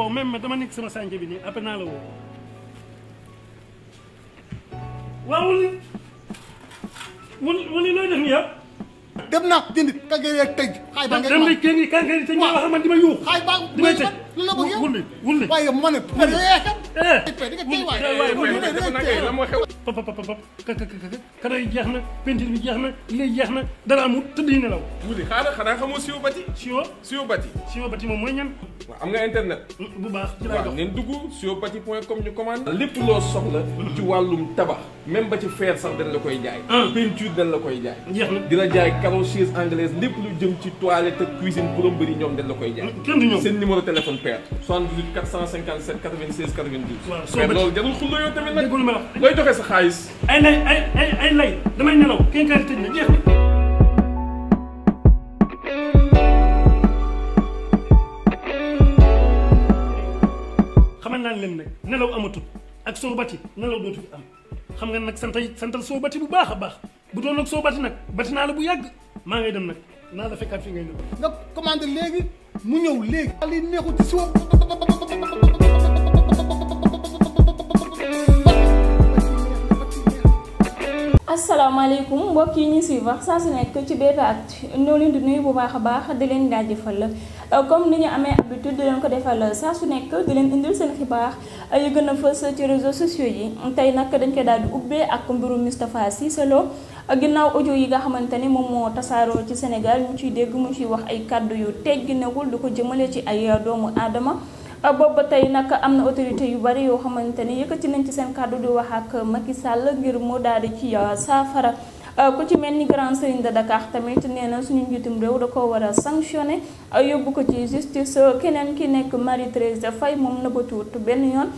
woo même dama nekk sama sànce bi nii après naa la woo waaw mu ni mu ni mu ni looy def nii ah. dem naa dindi kàngaay tëj. xay ba ngeen ma dem na kër yi kàngaay yi tëj nga wax man di ma yuuxu. xay ba di ma waaye ma ne. wulli eh. di nga tey waay. waay wulli pop pop pop kara yi jeex na peinture bi jeex na lii jeex na dara amul tëdd yi nelaw. wuute xaaral xanaa xamoo siwo bati. siwo siwo bati. siwo bati moom mooy ñan. waaw am nga internet. bu baax ci laay dox waaw ngeen dugg siwo bati point com ñu commande. lépp loo soxla. ci wàllum tabax. même ba ci fer sax dañ la koy jaay. peinture dañ la koy jaay. jeex na dina jaay carreau chaise anglaise lépp lu jëm ci toilette ak cuisine plomberie ñoom dañ la koy jaay. kenn du ñoom seen numéro téléphone père. 78 457 96 92. waaw soo bëri mais loolu jarul xulóo yow tamit nag. looy joxe sa xaalis xaalis. ay lay ay ay ay lay damay nelaw kéenkaay tëj na jeex na. leen nag nelaw amatul ak soobati nelaw dootu am xam nga nag santa santal bati bu baax a baax bu doon nag soobati nag bati naa la bu yàgg maa ngay dem nag naa la fekkaat fi ngay nëb. nga commandé léegi mu ñëw léegi. xale yi neexut si asalaamaaleykum mbokk yi ñu suivre saa su nekk ci BT ak ñoo leen di nuyu bu baax a baax di leen la comme ni ñu amee habitude di leen ko defal saa su nekk di leen indil seen xibaar yu gën a fës ci réseaux sociaux yi tey nag dañ koy daal di ubbee ak mbirum Moustapha Cissé Lo ginnaaw audio yi nga xamante ni moom moo tasaaroo ci Sénégal ñu ciy dégg mu ciy wax ay kàddu yu tegginewul du ko jëmale ci ay doomu aadama. Euh, boobu ba tey nag am na autorité yu bari yoo xamante ni yëkkati nañ ci seen kàddu di wax ak Macky Sall ngir mu daal di ci euh, saafara euh, ku ci mel ni grand serigne de Dakar tamit nee na suñu njiitum réew da ko war a sanctionné yóbbu ko ci justice keneen ki nekk Marie Thérèse Faye moom nëbbatuwut benn yoon.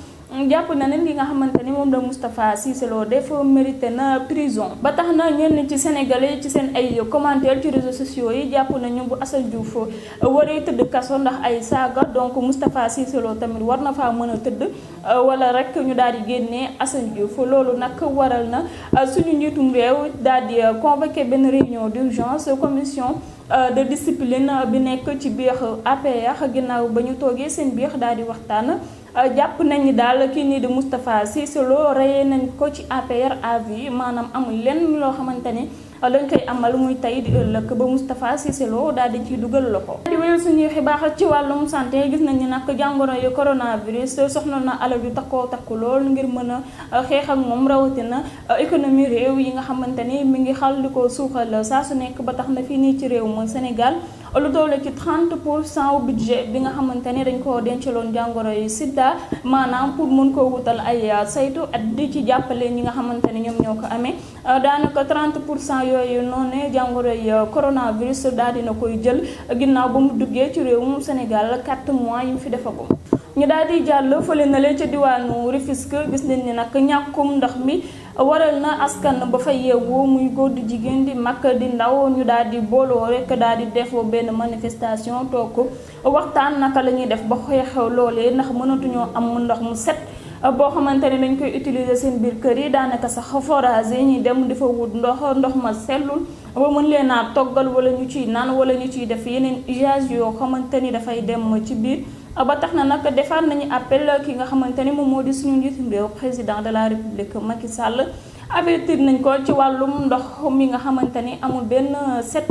jàpp na ne li nga xamante ni moom la Moustapha Cissé Lo def mérité na prison ba tax na ñenn ci sénégalais ci seen ay commentaires ci réseaux sociaux yi jàpp nañu bu Assane Diouf waree tëdd kaso ndax ay saaga donc Moustapha Cissé Lo tamit war na faa mën a tëdd wala rek ñu daal di génnee Assane Diouf loolu nag waral na suñu njiitum réew daal di convoqué benn réunion d'urgence commission. Euh, de discipline euh, bi nekk ci biir euh, a ginnaaw ba ñu toogee seen biix daal di waxtaan jàpp nañ ni daal kii nii di Moustapha Cissé Lo reyee nañ ko ci APR à yi maanaam amul lenn loo xamante ni. lañ koy amal muy tey di ëllëg ba Moustapha si Lo daal di ciy dugal loxo. di wéyal suñuy xibaar ci wàllum santé gis nañu nag jàngoro yu coronavirus soxna na alal yu takkoo takku lool ngir mën a xeex ak moom rawatina économie réew yi nga xamante ni mi ngi xal di ko suuxal saa su nekk ba tax na fii nii ci réew mu Sénégal. lu doole ci 30 pour cent budget bi nga xamante ne dañ koo denceeloon jàngoro yi sida maanaam pour mun koo wutal ay uh, saytu at di ci jàppale ñi nga xamante ne ñoom ñoo ko amee uh, daanaka 30 pour cent yooyu noonu jàngoro yi uh, coronavirus daal dina koy jël ginnaaw ba mu duggee ci réew réewum Sénégal 4 mois yi mu fi defagum. ñu daal di jàll fële na leen ca diwaanu Rufisque gis nañ ni nag ñàkkum ndox mi. waral na askan ba fa yeewoo muy góor di jigéen di mag di ndaw ñu daal di booloo rek daal di def benn manifestation toog waxtaan naka la ñuy def ba xew loole ndax mënatuñoo am ndox mu set. boo xamante ne dañ koy utiliser seen biir kër yi daanaka sax forage yi ñuy dem di fa wut ndox ndox ma sellul ba mën leen a toggal wala ñu ciy naan wala ñu ciy def yeneen usage yoo xamante ni dafay dem ci biir. Ah, ba tax na nag defaat nañu appel ki nga xamante ni moom moo di suñu njiitum réew président de la république Macky Sall avertir nañ ko ci wàllum ndox mi nga xamante ni amul benn set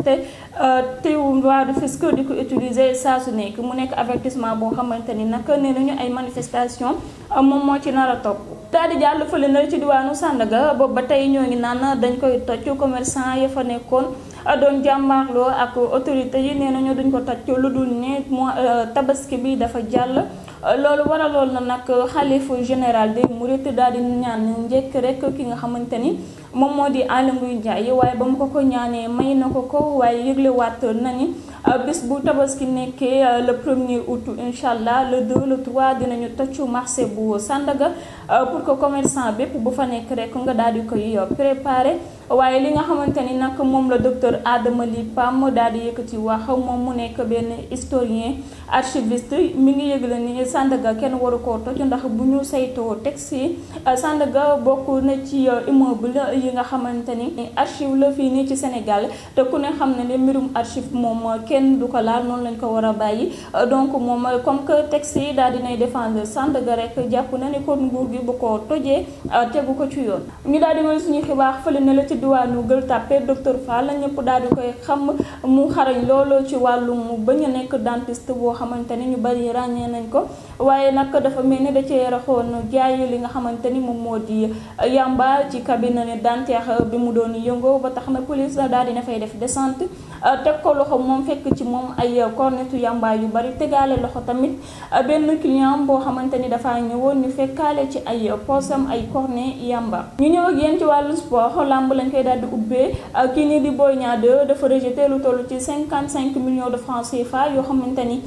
ah, teewum waa Rufisque di ko utiliser saa su nekk mu nekk avertissement boo xamante ni nag nee nañu ay manifestation ah, moom moo ci nar a topp. daal di jàll fële na ci diwaanu Sandaga boobu ba tey ñoo ngi naan dañ koy toj commerçant ya fa nekkoon. doon jàmmaarloo ak autorité yi nee nañu dañ ko tàcc lu dul ne mois euh, tabaski bi dafa jàll. loolu waraloon na nag xalifu général des mourides daal di ñaan njëkk rek ki nga xamante ni moom moo di Aly Ngouille Ndiaye waaye ba mu ko ko ñaanee may na ko ko waaye yëglewaat na ni euh, bis bu tabaski nekkee euh, le premier août incha allah le 2 le 3 dinañu toccu marché bu Sandaga pour que commerçant bépp bu fa nekk rek nga daal di koy préparer. waaye li nga xamante ni nag moom la docteur Adama Ly Pam daal di yëkkati wax moom mu nekk benn historien archiviste mi ngi yëgle ni Sandaga kenn waru koo toj ndax bu ñu saytoo texte yi Sandaga bokk na ci euh, immeuble yi nga xamante ni archive la fii nii ci Sénégal te ku ne xam ne ne mbirum archive moom kenn du ko laal noonu lañ ko war a bàyyi donc moom comme que texte yi daal dinay défendre Sandaga rek jàpp na ni kon nguur gi bu ko tojee euh, tegu ko ci yoon ñu daal diwaanu Gueule Tapée docteur la ñëpp daal di koy xam mu xarañ loolu ci wàllum ba ñu nekk dentiste boo xamante ni ñu bari ràññee nañ ko waaye nag dafa mel ni da cee raxoon jaay li nga xamante ni moom moo di yàmba ci cabinet dentaire bi mu doon yëngoo ba tax na police daal di na fay def descente. Euh, teg ko loxo moom fekk ci moom ay cornetu yamba yu bari tegaale loxo tamit euh, benn client boo xamante ni dafa ñëwoon ñu fekkaale ci ay poosam ay cornet yamba. ñu ñëw ak yéen ci wàllu sport làmb lañ koy daal di ubbee euh, kii nii di Boy ñaa 2 dafa rejeté lu toll ci cinquante cinq millions de francs CFA yoo xamante ni.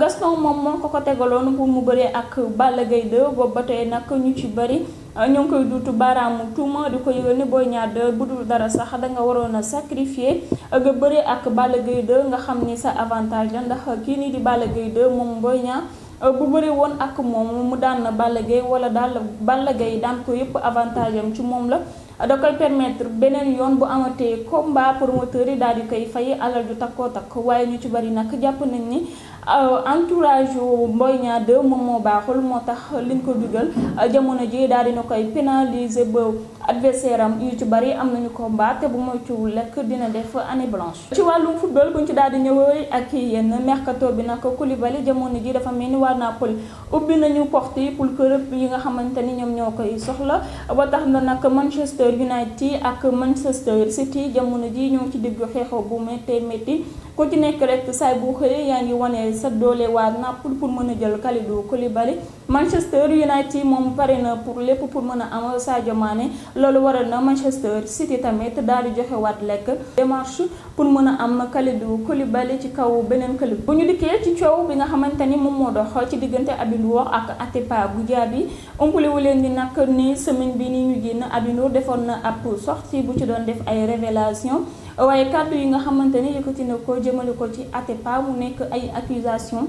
Gaston moom moo ko ko tegaloon pour mu bëree ak Balla Gaye 2 boobu ba tey nag ñu ci bëri. Ah, ñoo ngi koy duutu baaraamu tuuma di ko yëgal ni Boy Niang 2 bu dul dara sax da nga waroon a sacrifier ah, nga bëri ak Balla Gaye 2 nga xam ni sa avantage la ndax kii nii di Balla Gaye 2 moom Boy Niang ah, bu bëri woon ak moom mu daan Balla Gaye wala daal Balla Gaye daan ko yëpp avantage am ci moom la da koy permettre beneen yoon bu amatee combat promoteur yi daal di koy fay alal ju takkoo takk waaye ñu ci bari nag jàpp nañ ni Euh, entourage yu Mboy Niang 2 moom moo baaxul moo tax liñ ko dugal euh, jamono ji daal dina koy pénaliser ba adversaire am yu ci bari am nañu combat te bu moytuwul lekk dina def année blanche. ci wàllu wàllum bu ñu ci daal di ñëwee ak yenn mercato bi nag Koulibaly jamono ji dafa mel ni waa Napoli ubbi nañu porte yi pour club yi nga xamante ni ñoom ñoo koy soxla ba tax na nag Manchester United ak Manchester City jamono ji ñoo ci digg xeexoo bu méttee métti. ku ci nekk rek saay bu xëyee yaa ngi wone sa doole waa Naples pour mën a jël Kalidou Koulibaly Manchester United moom pare na pour lépp pour mën a am Sadio Mané loolu waral na Manchester City tamit daal di joxe waat lekk démarche pour mën a am Kalidou Koulibaly ci kaw beneen club bu ñu dikkee ci coow bi nga xamante ni moom moo dox ci diggante Aby Ndour ak Atepa Goudiaby umpaliwu leen ni nag ni semaine bi ni ñu génn Aby Ndour defoon na ab sortie bu ci doon def ay révélation waaye kàddu yi nga xamante ne yëkkati na ko jëmale ko ci Atepa mu nekk ay accusation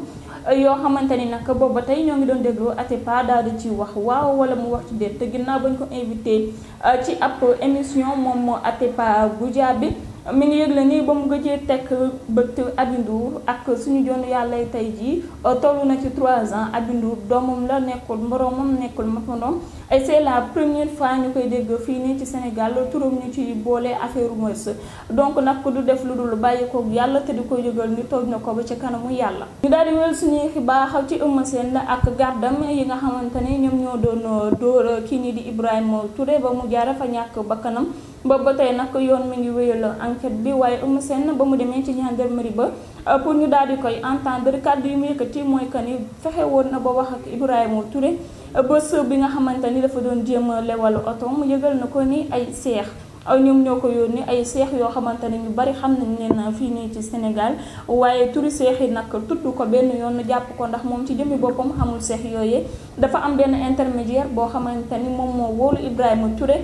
euh, yoo xamante ni nag booba tey ñoo ngi doon déglu Atepa daal di ci wax waaw wala mu wax ci déet te ginnaaw bañ ko invité euh, ci ab émission moom moo ate Atepa bi mi ngi yëgle ni ba mu gëjee teg bët Aby Ndour ak suñu joonu yàlla tey jii euh, toll na ci 3 ans Aby Ndour doomam la nekkul moroomam nekkul mapandoom et c'est la première fois ñu koy dégg fii nii ci Sénégal turam ñu ci boolee affaire mœurs donc nag du def lu dul bàyyi ko yàlla te di ko yëgal ni toog na ko ba ci kanamu yàlla. ñu daal di wéyal suñuy xibaar xaw ci Eumeu Sène ak gardam yi nga xamante ne ñoom ñoo doon dóor kii nii di Ibrahima Touré ba mu jaare fa ñàkk bakkanam boobu ba tey nag yoon mi ngi wéyal enquête bi waaye Eumeu Sène ba mu demee ci gendarmerie ba euh, pour ñu daal di koy entendre kàddu yu mu yëkkati mooy que ni fexe woon na ba wax ak Ibrahima ba euh, bés bi nga xamante ni dafa doon jéem a lewal oto mu yëgal na ko ni ay seex. Euh, ñoom ñoo ko yónni ay seex yoo xamante ne ñu bari xam nañ leen fii nii ci Sénégal waaye turu seex yi nag tudd ko benn yoon jàpp ko ndax moom ci jëmmi boppam amul seex yooyee dafa am benn intermédiaire boo xamante ni moom moo wóolu Ibrahima Touré.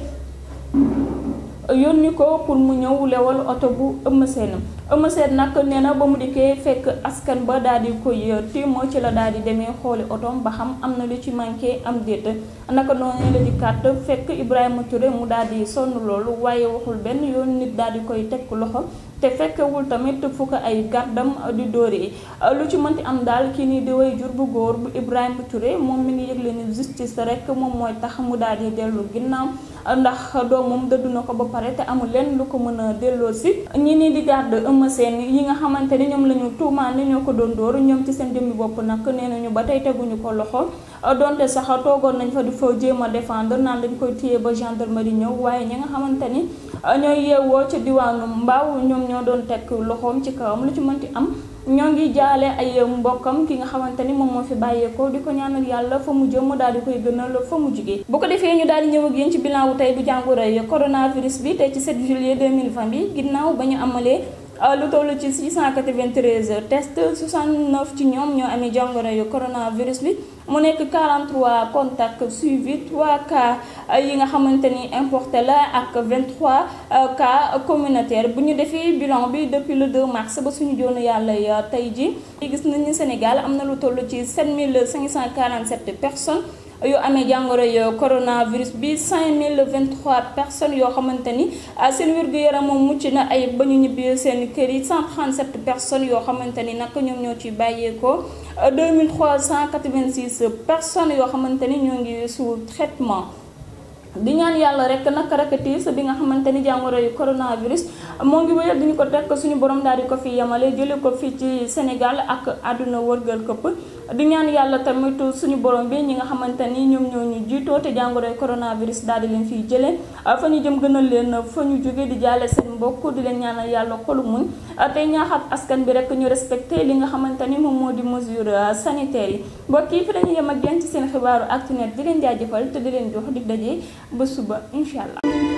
yoon yónni ko pour mu ñëw lewal oto bu Eumeu Sène Eumeu Sène nag nee na ba mu dikkee fekk askan ba daal di koy tiimoo ci la daal di demee xooli otoom ba xam am na lu ci manqué am déet naka noonu la di kàtt fekk Ibrahima Touré mu daal di sonn loolu waaye waxul benn yoon nit daal di koy teg loxo te fekkewul tamit ko ay gàddam di dóoree lu ci mënti am daal kii nii di way jur bu góor bu Ibrahima Touré moom mi ngi yëgle ni justice rek moom mooy tax mu daal di dellu ginnaaw. ndax doom moom dëddu na ko ba pare te amul lenn lu ko mën a delloo si ñi nii di garde Eumeu seen yi nga xamante ni ñoom la ñu tuumaan ni ñoo ko doon dóor ñoom ci seen jëmmi bopp nag nee nañu ba tey teguñu ko loxo donte sax a toogoon nañu fa di fa jéem a défendre naan dañ koy téye ba gendarmerie ñëw waaye ñi nga xamante ni ñooy yeewoo ca diwaanu mbaaw ñoom ñoo doon teg loxoom ci kawam lu ci mënti am ñoo ngi jaale ay mbokkam ki nga xamante ni moom moo fi bàyyeekoo di ko ñaanal yàlla fa mu jëm mu daal di koy gënal fa mu jugee bu ko defee ñu daal di ñëw ak yéen ci bilan wu tey bu jàngoro yi coronavirus bi tey ci 7 juillet 2020 bi ginnaaw ba ñu amalee euh, lu toll ci 693 test 69 ci ñoom ñoo amee jàngoro yu coronavirus bi. mu nekk 43 contacts suivis 3 cas euh, yi nga xamante ni importé la ak 23 euh, cas communautaire bu ñu defee bilan bi depuis le 2 mars ba suñu joonu yàlla tey ji gis nañu Sénégal am na lu toll ci 7547 personnes yu amee jàngoro yo coronavirus bi 5023 personnes yoo xamante ni euh, seen wér-gu-yaram moom mucc na ay ba ñu ñibbi seen kër yi 137 personnes yoo xamante ni nag ñoom ñoo ci bàyyeeko cent 2386 personnes yoo xamante ni ñoo ngi sous traitement di ñaan yàlla rek naka rek tiis bi nga xamante ni jàngoro yu coronavirus moo ngi wéyal di ñu ko tekk suñu borom daal di ko fi yemale jëlee ko fii ci Sénégal ak àdduna wërgal këpp di ñaan yàlla tamit suñu borom bi ñi nga xamante ni ñoom ñoo ñu jiitoo te jàngoro jàngoroy coronavirus daal di leen fiy jëlee fa ñu jëm gënal leen fa ñu jóge di jaale seen mbokk di leen ñaanal yàlla xolu muñ Euh, tey ñaaxaat askan bi rek ñu respecté li nga xamante ni moom moo di mesure euh, sanitaire yi mbokk yi fi la ñu yem ak yéen ci seen xibaaru Actu Net di leen jaajëfal te di leen jox di daje ba suba incha allah.